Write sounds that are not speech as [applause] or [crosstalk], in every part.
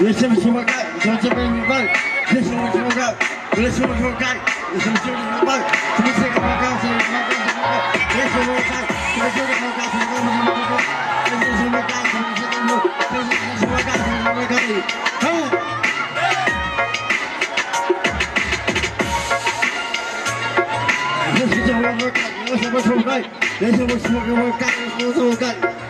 你什么什么干？你说这什么干？你什么什么干？你什么什么干？你什么什么干？你什么什么干？你什么什么干？你什么什么干？你什么什么干？你什么什么干？你什么什么干？你什么什么干？你什么什么干？你什么什么干？你什么什么干？你什么什么干？你什么什么干？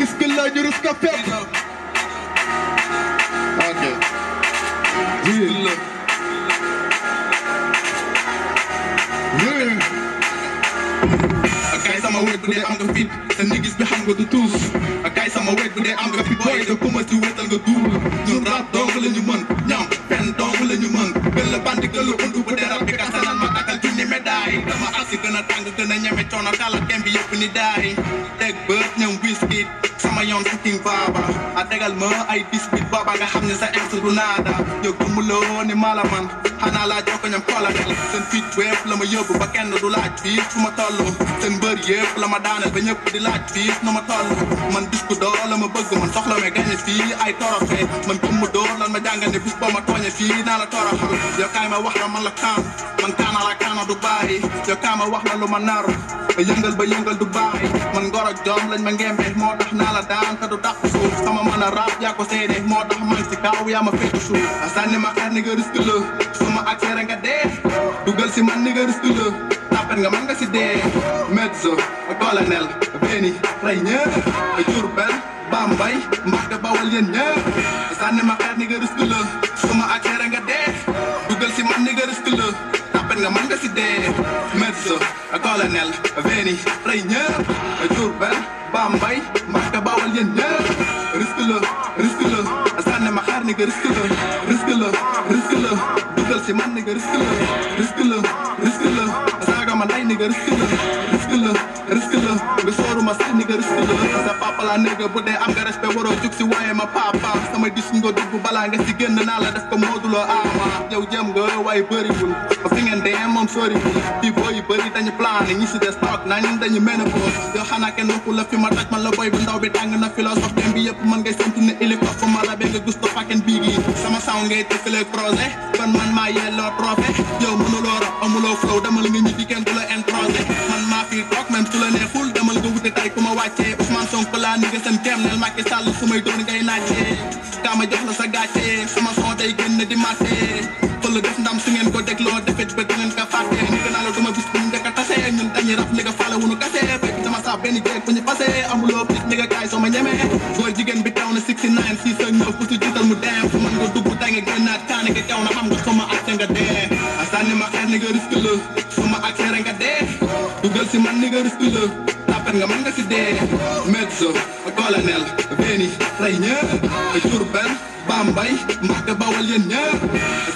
Rızkınla yürüz kapep. Okay. Real. Real. Guys, I'm awake, but fit. The niggas behind with the tools. Guys, I'm awake, but fit. Boy, the pumas you wait and go do. You rap, don't will you man. Nyam, pen, don't will you man. Bella they're up, because I'm not. daay dafa asi gën a tang gën a ñeme coono kàlla tem bi yëpp ni daay teg bët ñoom biscuit sama yoon baba baaba a tegal ma ay biscuit baba nga xamne sa ex du nada yo gumulo ni mala man xana la jokko ñam kolonel sen fit web la ma yóbbu ba kenn du laaj fi fu ma toll seen mbër yëpp la ma daana ba ñëpp di laaj fi nu ma tollu man disku do la ma bëgg man soxla ma gañe fi ay torofe man gëmmu doo lan ma jangane ne bis boo ma tooñe fi na la torox yo kay ma wax na man la kan man kaana la kaana du bari yo kay ma wax na lu ma naru ba yëngal ba yëngal du bàyyi man ngor ak jom lañ ma ngembe moo tax naa la daan te du tax suuf sama mën a raab yaa ko seede moo tax man si kaw yaa ma féetu suuf sànni ma xeer ni nga la su ma ga nga dee dugal si man ni nga risque la tàppet nga man nga si dee médecin colonel béni rey ñëpp jur benn bambay bawal yéen ñëpp ngeen di rey ñëpp Diourbel Bambey Mbacké Bawol yéen ñëpp risque la risque la sànni ma xaar ni nga risque la risque la risque la dugal si man ni nga risque la risque la risque la saaga ma ndey ni nga risque la risque la risque la la nigga bu dee am nga respect waroo jug si ma papa Sama dis nga dugg balaa nga si génn naa la def ko modulo ama yow jëm nga waaye bëriwul ba fi ngeen dee moom soriwul pivo yi bëri dañu plané ñi si des toog nañ dañu ménopause yow xanaa kenn la fi ma man la boy bu ndaw bi tàng na philosophe dem bi yëpp mën ngay sentu ne hélicoptère ma la nga gusto sama sound ngay tëkkale croisé kon man maa yelloo trophée eh? yow mënuloo rap amuloo flow demal nga ñibbi kenn du la introsé man maa fi toog même la du ne tay ku ma wàccee Ousmane Sonko laa ni gësam terminal Macky Sall su may doon ngay naajte kaa ma jox la sa gàcce sama son day génn di màtte fël def ndam su ngeen ko dégloo defet ba du ngeen ko fàtte ni ko naa la duma bis bu ñu ndëkk tase ñun dañuy rab ni ko faale wunu kase fekk dama saa benn jeeg bu ñu passé amuloo pis ni nga kaay soo ma ñemee you jigéen bi down na 69 six ak neuf bu su jiital mu dem su mën nga dugg da nga génnaat kaane nga teew na xam nga sama acte nga dee sànni ma xeer ni nga risque la sama acte nga dee dugal si man ni nga risque la at nga mën nga si dee mezzo colonel veni rey ñëpp Jurbel Bambay Mbàkke Bawal yéen ñëpp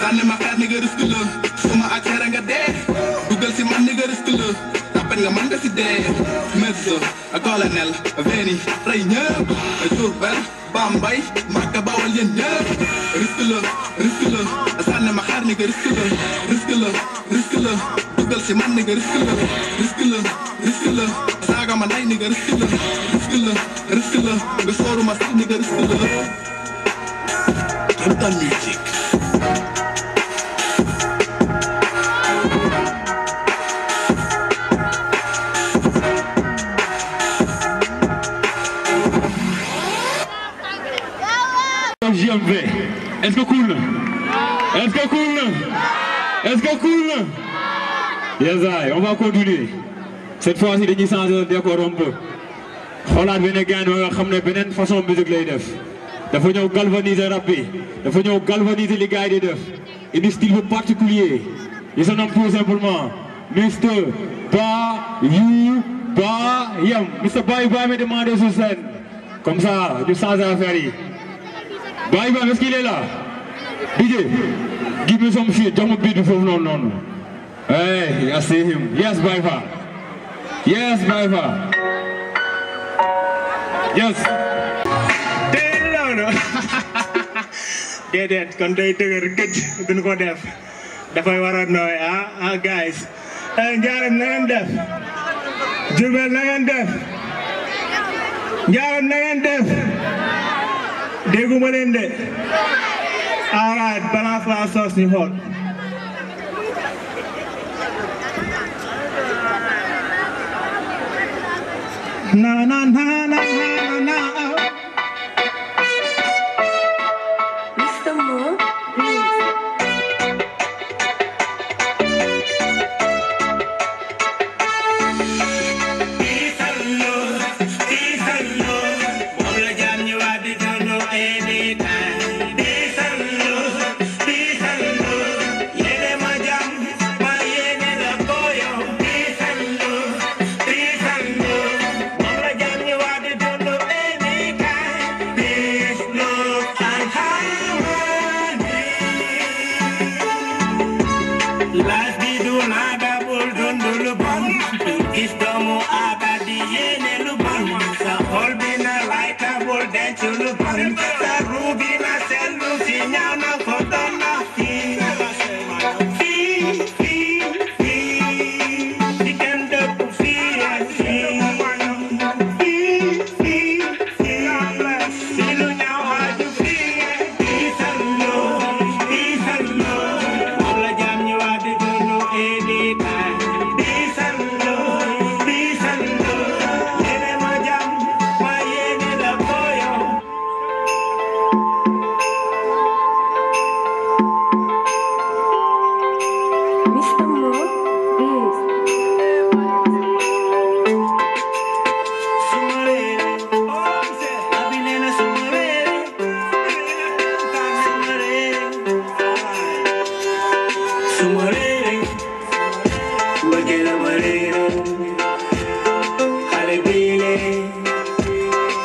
sànni ma xeer ni nga risque la suma ak xeer nga dee dugal si man ni nga risque la tapet nga mën nga si dee mezzo colonel veni rey ñëpp Jurbel Bambay Mbàkke Bawal yéen ñëpp risque la risque la sànni ma xeer ni nga risque la risque la risque la dugal si man ni nga risque la risque la risque la I got my night, nigga. This still a, this still a, this still a. Nigga, slow to my seat, nigga. This still a. I'm done music. JMV. Est-ce que cool? Est-ce que cool? Est-ce que cool? Yes, I. On va continuer. cette fois ci dañuy changer décor un peu bi ne gain nga xamné benen façon musique lay def dafa ñeu galvaniser rap bi dafa ñeu galvaniser li gaay yi di def indi style particulier il se nomme tout simplement Mister Bayou Bayam Mister Bayou Bayam est demandé sur scène comme ça du sans affaire yi Bayou Bayam est-ce qu'il est là DJ give me some shit Don't be beat bi Non, non. hey I see him yes Baye Fall Yes, brother. Yes. Déedéet déedéet kon day dëgër gëj duñ ko go deaf. war a nooy ah ah guys njaaram na ngeen def jubel na ngeen def njaaram na ngeen def dégguma leen de all right balance last, sauce ñu xool na na na na Live.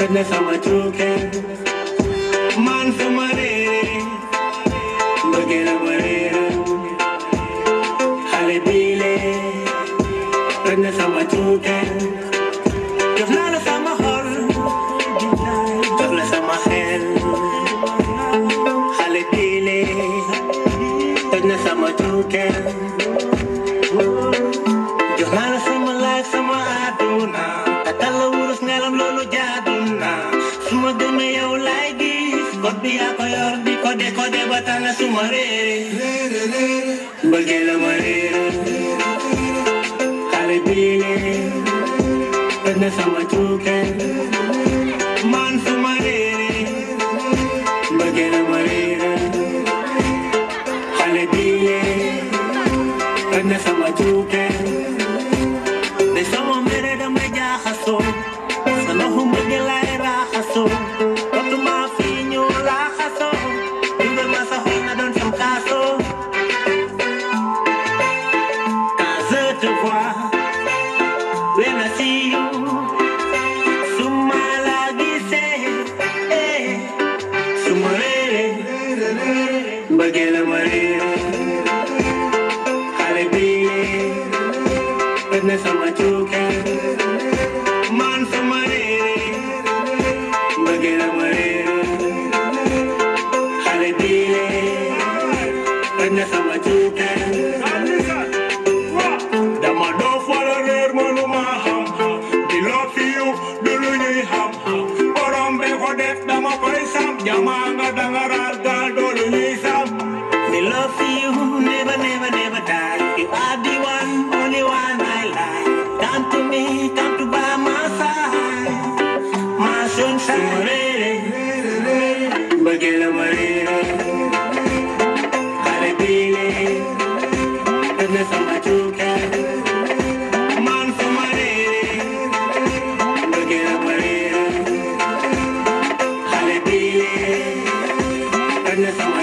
sadness I'm a joking. Man for my day, begin a barrier. Hallelujah, sadness I'm a mayor di kode-kode batana sumarere Bagela marere Kalebile Pernah sama tuken Yamanga Danga goodness.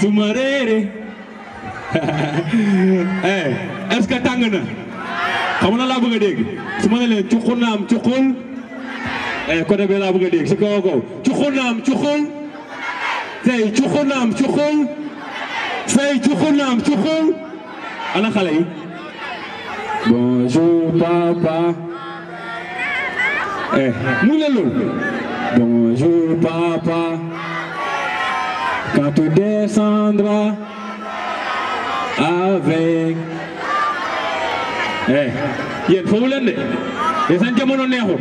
su réeré [laughs] eh, est-ce que tàng na na laa bëgg a dégg su ma ne leen cuqu naam cuqul eh, côté bi laa bëgg a dégg si kaw kaw naam cuqul tey cuqu naam cuqul say cuqu naam cuqul ana xale yi bonjour papa eh mu ne loolu bonjour papa quand tu descendras avec eh il foofu leen de yéen seen jamono neexul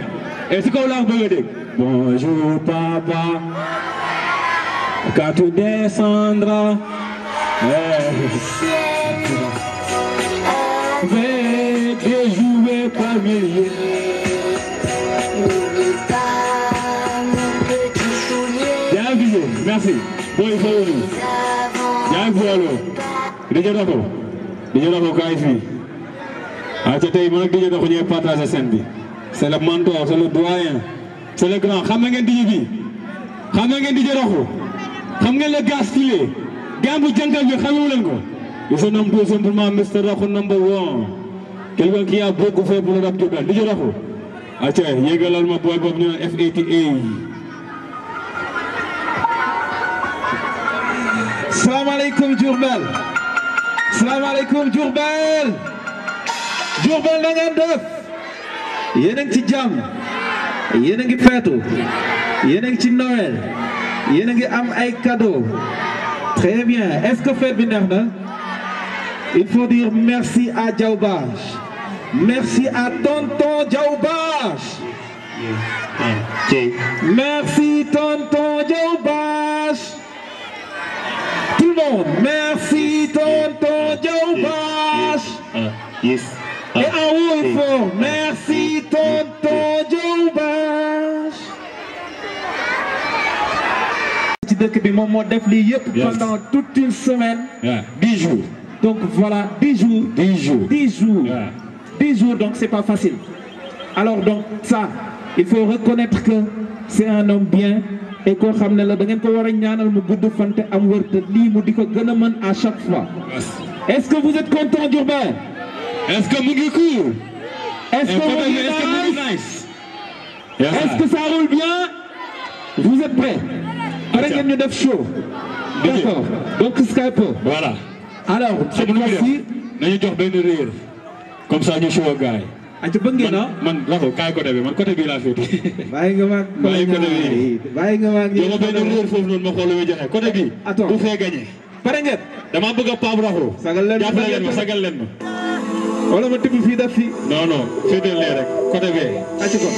et si kaw laa bëgg a dégg bonjour papa quand tu descendras eh vais déjouer parmi yéen Merci. boy fawlu jang fawlu dija dako dija dako kay fi acha tay mo nak dija dako ñe partager scène bi c'est le mentor c'est le doyen c'est le grand xam ngeen dija bi xam ngeen dija dako xam ngeen le gas filé gambu jangal bi xamu len ko il se nomme tout simplement Mr. Rako number one quelqu'un qui a beaucoup fait pour le rap du dija dako acha yegalal ma boy bob ñu FATA alaikum Jurbel, Assalamualaikum Jurbel, Jurbel dengan def Yeneng a ngi ci jàmm Yeneng a ngi ci Noël yéen am ay kado. très bien est-ce que fête bi na il faut dire merci à Diaobaj merci à tonton Diaobaj merci tonton Diaobaj Merci, tonton tonton, Yes. Et ah. à vous merci, tonton tonton, tonton, tonton, tonton, bi tonton, pendant toute une semaine. dix jours. donc voilà 10 jours. 10 jours dix jours. jours donc c'est pas facile. alors donc ça il faut reconnaître que c'est un homme bien et à chaque fois. est-ce que vous êtes content d'Urbain est-ce que mu est-ce que vous êtes nice. est-ce que ça roule bien. vous êtes prêts. show. d'accord donc Skype. voilà. alors cette comme ça ñu show aja pengen no man lah kok kayak kode bi man kode bi la fété baye nga mak baye kode bi baye nga mak dama ben reur fofu non ma xol wi joxe côté bi bu fe gagné paré ngeen dama bëgg pap raxu sagal len ma kau len sagal si wala ma tibb fi daf bi acci ko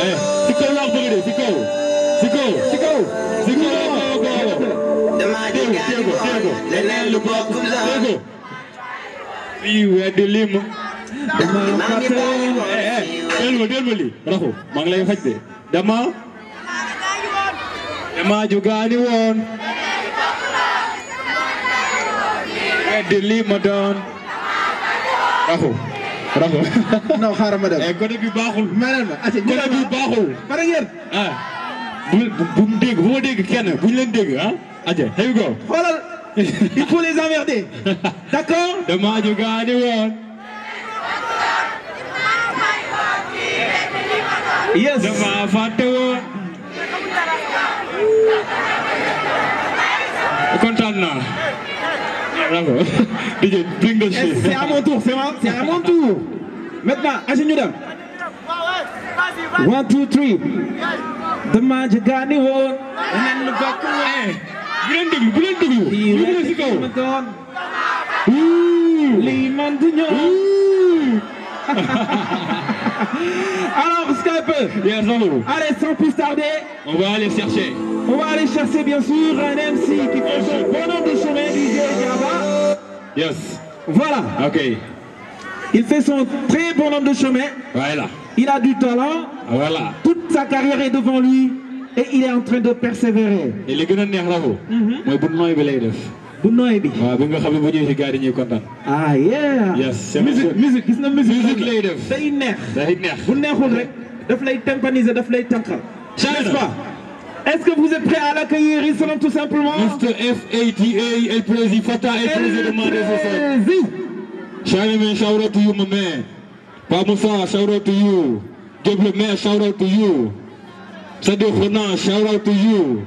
eh kau kaw la si kau si kau si kau si kau ci kau dama di gaay leneen lu bokkum la fi wédi limu dama fàtte ah aja il faut les emmerder d'accord dama jugaani woon Yes. Iya. Jemaah Fatwa. Kontaan naa. [laughs] DJ, bring the eh, shit. C'est à mon tour, c'est à mon tour. Maintenant, Agnew Dam. One, two, three. Dama jagani woon. Nan lu bokk wé. Bu leen déglu, bu leen déglu. Ñu ngi ci kaw. Li man du ñoo. [laughs] Alors, peu. Allez, sans plus tarder On va aller chercher On va aller chercher, bien sûr, un MC qui fait son nombre de chemin, Yes Voilà Ok Il fait son très bon nombre de chemin. Voilà Il a du talent. Voilà Toute sa carrière est devant lui et il est en train de persévérer. Et les bu nooy bi. waaw ah, bu nga xam bu ñëwee ci gaari ñi dañuy ah yeah. yes music music gis na musique. musique lay def day neex. day neex bu neexul rek daf lay tympaniser daf lay tànqal. n'est-ce pas. Est-ce que vous êtes prêt à l'accueillir Ils sont tout simplement. Mr. F-A-T-A, El Prezi, Fata, El Prezi de Mandé Charlie, shout out to you, my man. Pamusa, shout out to you. Double man, shout out to you. Sadio Ronan, shout out to you.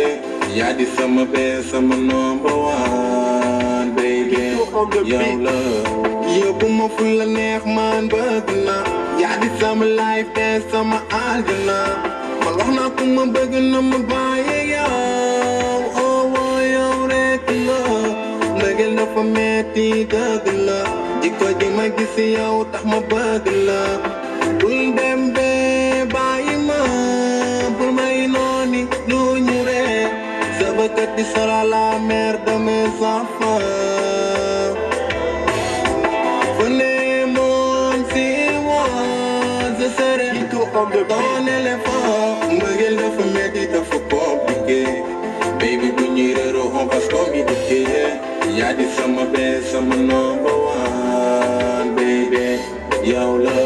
Yadi summer best, summer number one, baby. Yo, love. Yo, bu ma full of neck, man but now. Yadi summer sama life summer sama Malona Man wax naa ko ma bëgg na Oh, why yow. Oh, waa yow rek la. Mbëggeel dafa love. You could be my gissy out of my ma love. la. Bul dem qui la mère de mes enfants. Prenez mon moi, je serai tout comme de bon éléphant. Mbëggeel dafa metti dafa compliqué. Baby bu ñuy réeroo on va se communiquer. Yaa di sama bee sama number one baby yow la.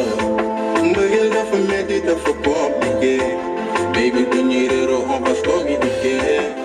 Mbëggeel dafa metti dafa compliqué. Baby bu ñuy réeroo on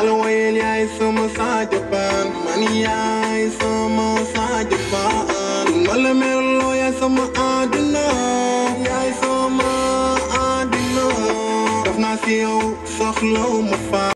الويل يسمى صادقان من يسمى صادقان والمرلو يسمى عدنا يسمى عدنا دفنا سيو سخلو مفا